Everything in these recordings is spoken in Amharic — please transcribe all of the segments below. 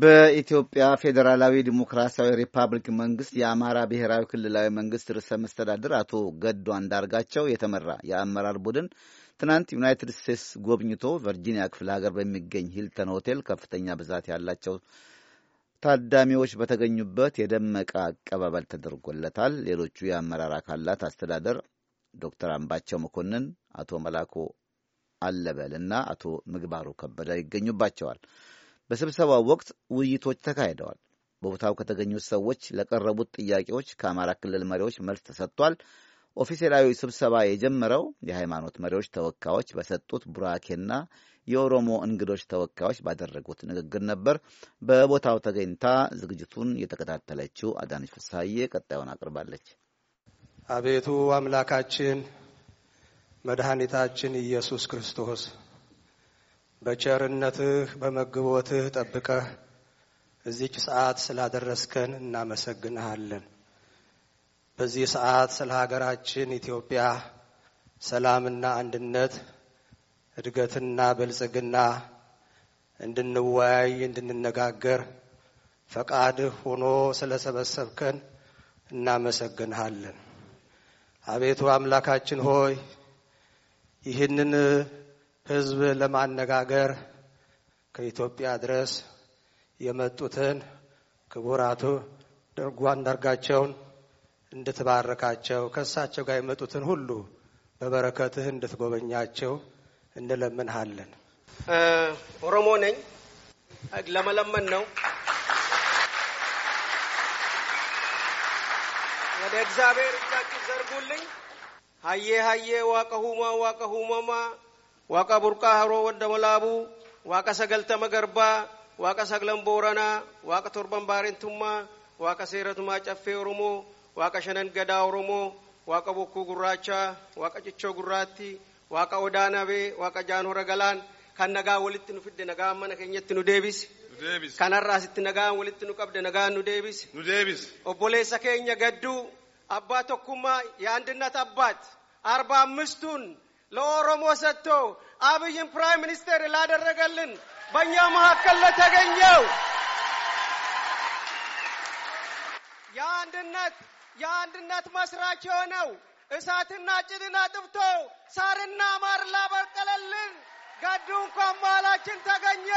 በኢትዮጵያ ፌዴራላዊ ዲሞክራሲያዊ ሪፐብሊክ መንግስት የአማራ ብሔራዊ ክልላዊ መንግስት ርዕሰ መስተዳድር አቶ ገዱ አንዳርጋቸው የተመራ የአመራር ቡድን ትናንት ዩናይትድ ስቴትስ ጎብኝቶ ቨርጂኒያ ክፍለ ሀገር በሚገኝ ሂልተን ሆቴል ከፍተኛ ብዛት ያላቸው ታዳሚዎች በተገኙበት የደመቀ አቀባበል ተደርጎለታል። ሌሎቹ የአመራር አካላት አስተዳደር ዶክተር አምባቸው መኮንን፣ አቶ መላኮ አለበል እና አቶ ምግባሩ ከበደ ይገኙባቸዋል። በስብሰባው ወቅት ውይይቶች ተካሂደዋል። በቦታው ከተገኙት ሰዎች ለቀረቡት ጥያቄዎች ከአማራ ክልል መሪዎች መልስ ተሰጥቷል። ኦፊሴላዊ ስብሰባ የጀመረው የሃይማኖት መሪዎች ተወካዮች በሰጡት ቡራኬና የኦሮሞ እንግዶች ተወካዮች ባደረጉት ንግግር ነበር። በቦታው ተገኝታ ዝግጅቱን የተከታተለችው አዳነች ፍሳዬ ቀጣዩን አቅርባለች። አቤቱ አምላካችን መድኃኒታችን ኢየሱስ ክርስቶስ በቸርነትህ በመግቦትህ ጠብቀህ እዚች ሰዓት ስላደረስከን እናመሰግንሃለን። በዚህ ሰዓት ስለ ሀገራችን ኢትዮጵያ ሰላምና አንድነት፣ እድገትና ብልጽግና እንድንወያይ፣ እንድንነጋገር ፈቃድህ ሆኖ ስለ ሰበሰብከን እናመሰግንሃለን። አቤቱ አምላካችን ሆይ ይህንን ህዝብ ለማነጋገር ከኢትዮጵያ ድረስ የመጡትን ክቡራቱ አንዳርጋቸውን እንድትባርካቸው ከእሳቸው ጋር የመጡትን ሁሉ በበረከትህ እንድትጎበኛቸው እንለምንሃለን። ኦሮሞ ነኝ፣ ለመለመን ነው። ወደ እግዚአብሔር እጃችሁ ዘርጉልኝ። ሀዬ ሀዬ ዋቀሁማ ዋቀሁማማ waaqa burqaa haroo wadda walaabuu waaqa sagaltama garbaa waaqa saglan booranaa waaqa torban baarentummaa waaqa seeratumaa caffee oromoo waaqa shanan gadaa oromoo waaqa bokkuu guraachaa waaqa cichoo gurraatti waaqa odaa nabee waaqa hora galaan kan nagaan walitti nu fidde nagaa mana keenyatti nu deebise kanarraa sitti nagaan walitti nu qabde nagaan nu deebise nu deebise obboleessa keenya gadduu abbaa tokkummaa የአንድነት abbaat arbaa አምስቱን ለኦሮሞ ሰጥቶ አብይን ፕራይም ሚኒስቴር ላደረገልን በእኛ መካከል ለተገኘው የአንድነት የአንድነት መስራች የሆነው እሳትና ጭድን አጥፍቶ ሳርና ማር ላበቀለልን ገዱ እንኳን መሃላችን ተገኘ።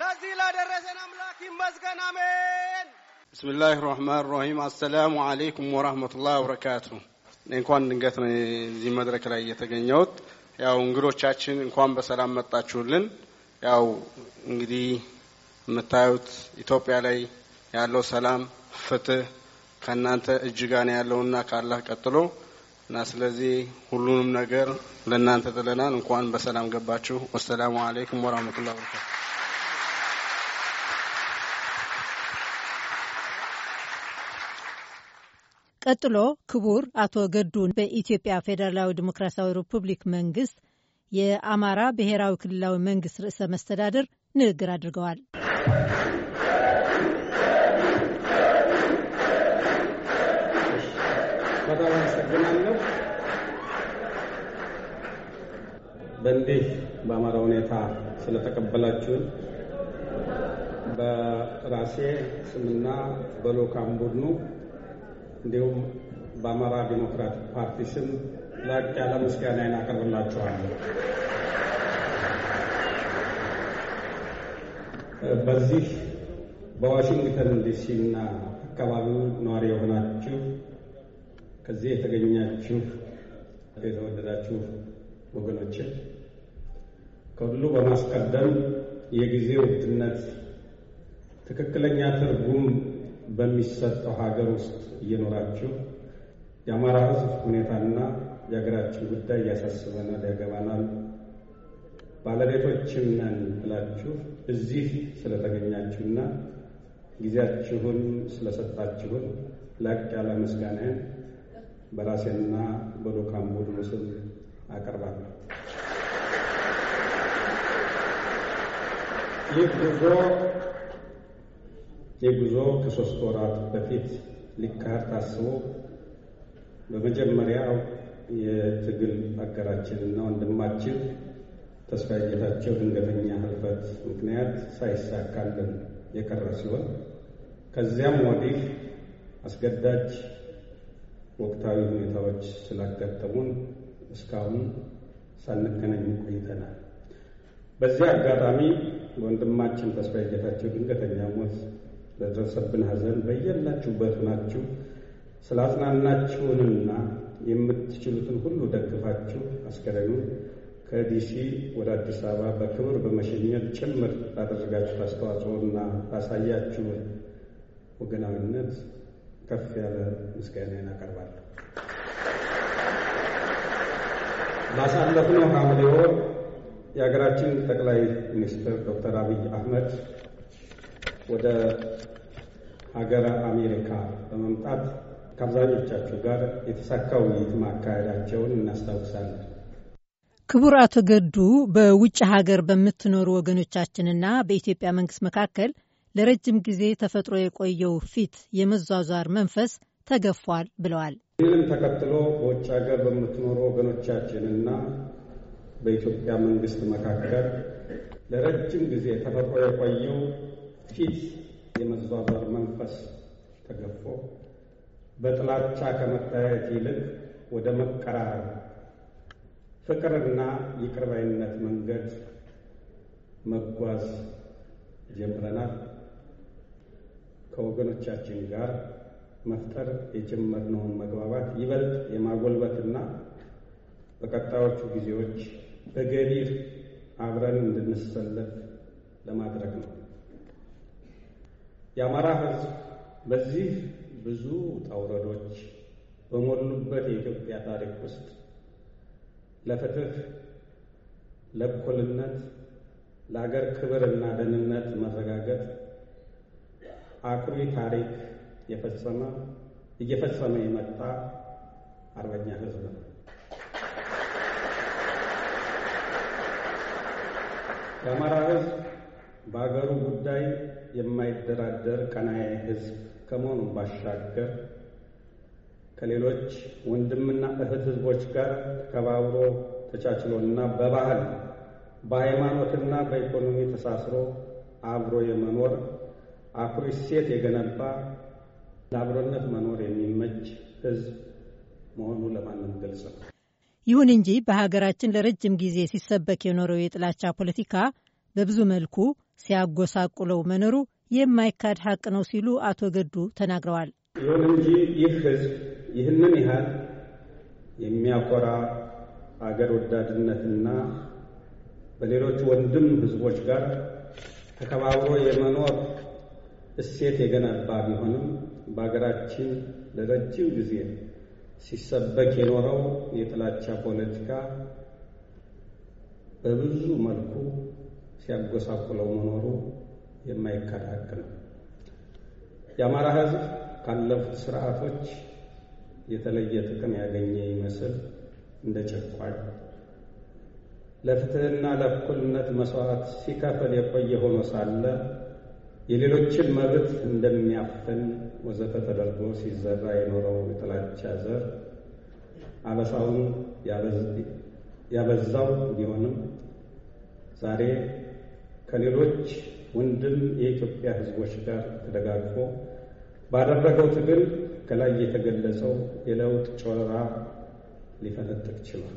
ለዚህ ላደረሰን አምላክ ይመስገን። አሜን። ብስሚላህ ራህማን ራሂም። አሰላሙ አለይኩም ወራህመቱላህ ወበረካቱሁ እንኳን ድንገት ነው እዚህ መድረክ ላይ እየተገኘሁት። ያው እንግዶቻችን እንኳን በሰላም መጣችሁልን። ያው እንግዲህ የምታዩት ኢትዮጵያ ላይ ያለው ሰላም፣ ፍትህ ከእናንተ እጅ ጋር ነው ያለውና ካላህ ቀጥሎ እና ስለዚህ ሁሉንም ነገር ለእናንተ ጥለናል። እንኳን በሰላም ገባችሁ። ወሰላሙ አሌይኩም ወራህመቱላሂ ወበረካቱ ቀጥሎ ክቡር አቶ ገዱን በኢትዮጵያ ፌዴራላዊ ዲሞክራሲያዊ ሪፑብሊክ መንግስት የአማራ ብሔራዊ ክልላዊ መንግስት ርዕሰ መስተዳድር ንግግር አድርገዋል። በጣም አመሰግናለሁ። በእንዲህ በአማራ ሁኔታ ስለተቀበላችሁን በራሴ ስምና በልዑካን ቡድኑ እንዲሁም በአማራ ዲሞክራቲክ ፓርቲ ስም ላቅ ያለ ምስጋና አቀርብላችኋለሁ። በዚህ በዋሽንግተን ዲሲ እና አካባቢው ነዋሪ የሆናችሁ ከዚህ የተገኛችሁ የተወደዳችሁ ወገኖች ከሁሉ በማስቀደም የጊዜ ውድነት ትክክለኛ ትርጉም በሚሰጠው ሀገር ውስጥ እየኖራችሁ የአማራ ሕዝብ ሁኔታና የሀገራችን ጉዳይ ያሳስበናል፣ ያገባናል፣ ባለቤቶችም ነን ብላችሁ እዚህ ስለተገኛችሁና ጊዜያችሁን ስለሰጣችሁን ላቅ ያለ ምስጋናዬን በራሴና በዶካም ቡድኑ ስም አቀርባለሁ። ይህ ጉዞ የጉዞ ከሶስት ወራት በፊት ሊካሄድ ታስቦ በመጀመሪያው የትግል እና ወንድማችን ተስፋ ጌታቸው ድንገተኛ ህልፈት ምክንያት ሳይሳካልን የቀረ ሲሆን ከዚያም ወዲህ አስገዳጅ ወቅታዊ ሁኔታዎች ስላጋጠሙን እስካሁን ሳንገናኝ ቆይተናል። በዚህ አጋጣሚ ወንድማችን ተስፋ ጌታቸው ድንገተኛ ሞት ለደረሰብን ሐዘን በየላችሁበት ሆናችሁ ስላጽናናችሁንና የምትችሉትን ሁሉ ደግፋችሁ አስከሬኑን ከዲሲ ወደ አዲስ አበባ በክብር በመሸኘት ጭምር ላደረጋችሁት አስተዋጽኦና ላሳያችሁን ወገናዊነት ከፍ ያለ ምስጋና አቀርባለሁ። ባሳለፍነው ሐምሌ ወር የሀገራችን ጠቅላይ ሚኒስትር ዶክተር አብይ አህመድ ወደ ሀገረ አሜሪካ በመምጣት ከአብዛኞቻችሁ ጋር የተሳካ ውይይት ማካሄዳቸውን እናስታውሳለን። ክቡር አቶ ገዱ በውጭ ሀገር በምትኖሩ ወገኖቻችንና በኢትዮጵያ መንግስት መካከል ለረጅም ጊዜ ተፈጥሮ የቆየው ፊት የመዟዟር መንፈስ ተገፏል ብለዋል። ይህንም ተከትሎ በውጭ ሀገር በምትኖሩ ወገኖቻችንና በኢትዮጵያ መንግስት መካከል ለረጅም ጊዜ ተፈጥሮ የቆየው ፊት የመዟዟር መንፈስ ተገፎ በጥላቻ ከመታየት ይልቅ ወደ መቀራረብ ፍቅርና ይቅርባይነት መንገድ መጓዝ ጀምረናል። ከወገኖቻችን ጋር መፍጠር የጀመርነውን መግባባት ይበልጥ የማጎልበትና በቀጣዮቹ ጊዜዎች በገቢር አብረን እንድንሰለፍ ለማድረግ ነው። የአማራ ህዝብ በዚህ ብዙ ውጣ በሞሉበት የኢትዮጵያ ታሪክ ውስጥ ለፍትህ፣ ለእኩልነት፣ ለአገር ክብርና ደህንነት መረጋገጥ አኩሪ ታሪክ የፈጸመ እየፈጸመ የመጣ አርበኛ ህዝብ ነው። የአማራ ህዝብ በአገሩ ጉዳይ የማይደራደር ቀናዬ ህዝብ ከመሆኑ ባሻገር ከሌሎች ወንድምና እህት ህዝቦች ጋር ተከባብሮ ተቻችሎና በባህል በሃይማኖትና በኢኮኖሚ ተሳስሮ አብሮ የመኖር አኩሪ እሴት የገነባ ለአብሮነት መኖር የሚመች ህዝብ መሆኑ ለማንም ግልጽ ነው። ይሁን እንጂ በሀገራችን ለረጅም ጊዜ ሲሰበክ የኖረው የጥላቻ ፖለቲካ በብዙ መልኩ ሲያጎሳቁለው መኖሩ የማይካድ ሀቅ ነው ሲሉ አቶ ገዱ ተናግረዋል። ይሁን እንጂ ይህ ህዝብ ይህንን ያህል የሚያኮራ አገር ወዳድነትና በሌሎች ወንድም ህዝቦች ጋር ተከባብሮ የመኖር እሴት የገነባ ቢሆንም በሀገራችን ለረጅም ጊዜ ሲሰበክ የኖረው የጥላቻ ፖለቲካ በብዙ መልኩ ሲያጎሳቁለው መኖሩ የማይካድ ነው። የአማራ ሕዝብ ካለፉት ስርዓቶች የተለየ ጥቅም ያገኘ ይመስል እንደ ጨቋኝ ለፍትህና ለእኩልነት መስዋዕት ሲከፍል የቆየ ሆኖ ሳለ የሌሎችን መብት እንደሚያፍን ወዘተ ተደርጎ ሲዘራ የኖረው የጥላቻ ዘር አበሳውን ያበዛው ቢሆንም ዛሬ ከሌሎች ወንድም የኢትዮጵያ ሕዝቦች ጋር ተደጋግፎ ባደረገው ትግል ከላይ የተገለጸው የለውጥ ጮራ ሊፈነጥቅ ችሏል።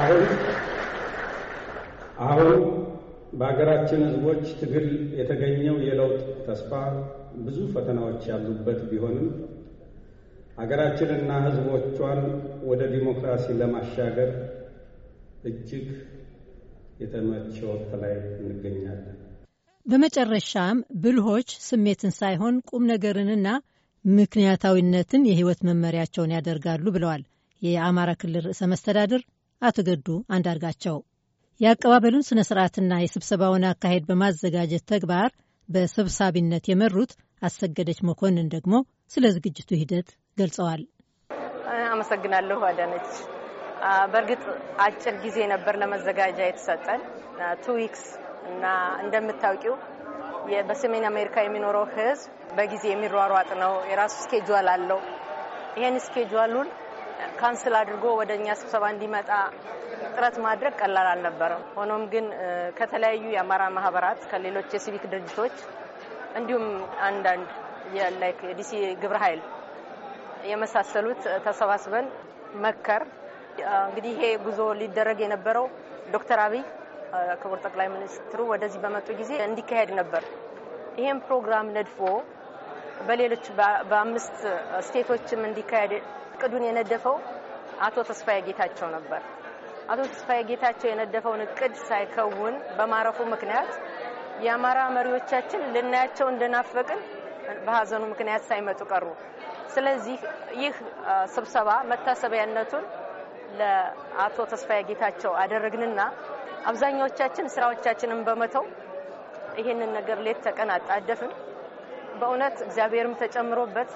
አሁን አሁን በሀገራችን ሕዝቦች ትግል የተገኘው የለውጥ ተስፋ ብዙ ፈተናዎች ያሉበት ቢሆንም ሀገራችንና ሕዝቦቿን ወደ ዲሞክራሲ ለማሻገር እጅግ ወቅት ላይ እንገኛለን። በመጨረሻም ብልሆች ስሜትን ሳይሆን ቁም ነገርንና ምክንያታዊነትን የህይወት መመሪያቸውን ያደርጋሉ ብለዋል የአማራ ክልል ርዕሰ መስተዳድር አቶ ገዱ አንዳርጋቸው። የአቀባበሉን ስነ ስርዓትና የስብሰባውን አካሄድ በማዘጋጀት ተግባር በሰብሳቢነት የመሩት አሰገደች መኮንን ደግሞ ስለ ዝግጅቱ ሂደት ገልጸዋል። አመሰግናለሁ አዳነች። በእርግጥ አጭር ጊዜ ነበር ለመዘጋጃ የተሰጠን ቱ ዊክስ እና እንደምታውቂው በሰሜን አሜሪካ የሚኖረው ህዝብ በጊዜ የሚሯሯጥ ነው። የራሱ ስኬጁል አለው። ይሄን ስኬጁሉን ካንስል አድርጎ ወደ እኛ ስብሰባ እንዲመጣ ጥረት ማድረግ ቀላል አልነበረም። ሆኖም ግን ከተለያዩ የአማራ ማህበራት፣ ከሌሎች የሲቪክ ድርጅቶች እንዲሁም አንዳንድ ዲሲ ግብረ ኃይል የመሳሰሉት ተሰባስበን መከር እንግዲህ ይሄ ጉዞ ሊደረግ የነበረው ዶክተር አብይ ክቡር ጠቅላይ ሚኒስትሩ ወደዚህ በመጡ ጊዜ እንዲካሄድ ነበር። ይህም ፕሮግራም ነድፎ በሌሎች በአምስት ስቴቶችም እንዲካሄድ እቅዱን የነደፈው አቶ ተስፋዬ ጌታቸው ነበር። አቶ ተስፋዬ ጌታቸው የነደፈውን እቅድ ሳይከውን በማረፉ ምክንያት የአማራ መሪዎቻችን ልናያቸው እንደናፈቅን በሀዘኑ ምክንያት ሳይመጡ ቀሩ። ስለዚህ ይህ ስብሰባ መታሰቢያነቱን ለአቶ ተስፋዬ ጌታቸው አደረግንና አብዛኛዎቻችን ስራዎቻችንን በመተው ይሄንን ነገር ሌት ተቀን አጣደፍን። በእውነት እግዚአብሔርም ተጨምሮበት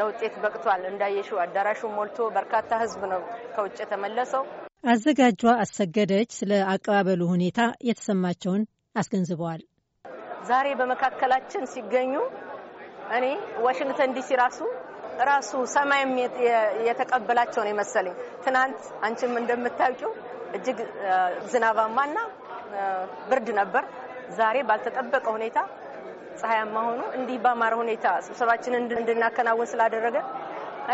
ለውጤት በቅቷል። እንዳየሽው አዳራሹ ሞልቶ በርካታ ህዝብ ነው ከውጭ የተመለሰው። አዘጋጇ አሰገደች ስለ አቀባበሉ ሁኔታ የተሰማቸውን አስገንዝበዋል። ዛሬ በመካከላችን ሲገኙ እኔ ዋሽንግተን ዲሲ ራሱ ራሱ ሰማይም የተቀበላቸው ነው የመሰለኝ። ትናንት አንቺም እንደምታውቂው እጅግ ዝናባማና ብርድ ነበር። ዛሬ ባልተጠበቀ ሁኔታ ፀሐያማ ሆኖ እንዲህ ባማረ ሁኔታ ስብሰባችንን እንድናከናወን ስላደረገ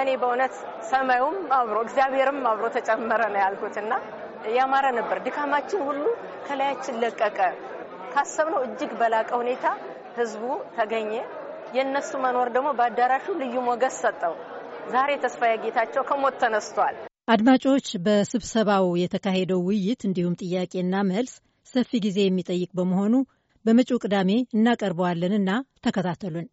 እኔ በእውነት ሰማዩም አብሮ እግዚአብሔርም አብሮ ተጨመረ ነው ያልኩት እና ያማረ ነበር። ድካማችን ሁሉ ከላያችን ለቀቀ። ካሰብነው እጅግ በላቀ ሁኔታ ህዝቡ ተገኘ። የእነሱ መኖር ደግሞ በአዳራሹ ልዩ ሞገስ ሰጠው። ዛሬ ተስፋዬ ጌታቸው ከሞት ተነስቷል። አድማጮች፣ በስብሰባው የተካሄደው ውይይት እንዲሁም ጥያቄና መልስ ሰፊ ጊዜ የሚጠይቅ በመሆኑ በመጪው ቅዳሜ እናቀርበዋለንና ተከታተሉን።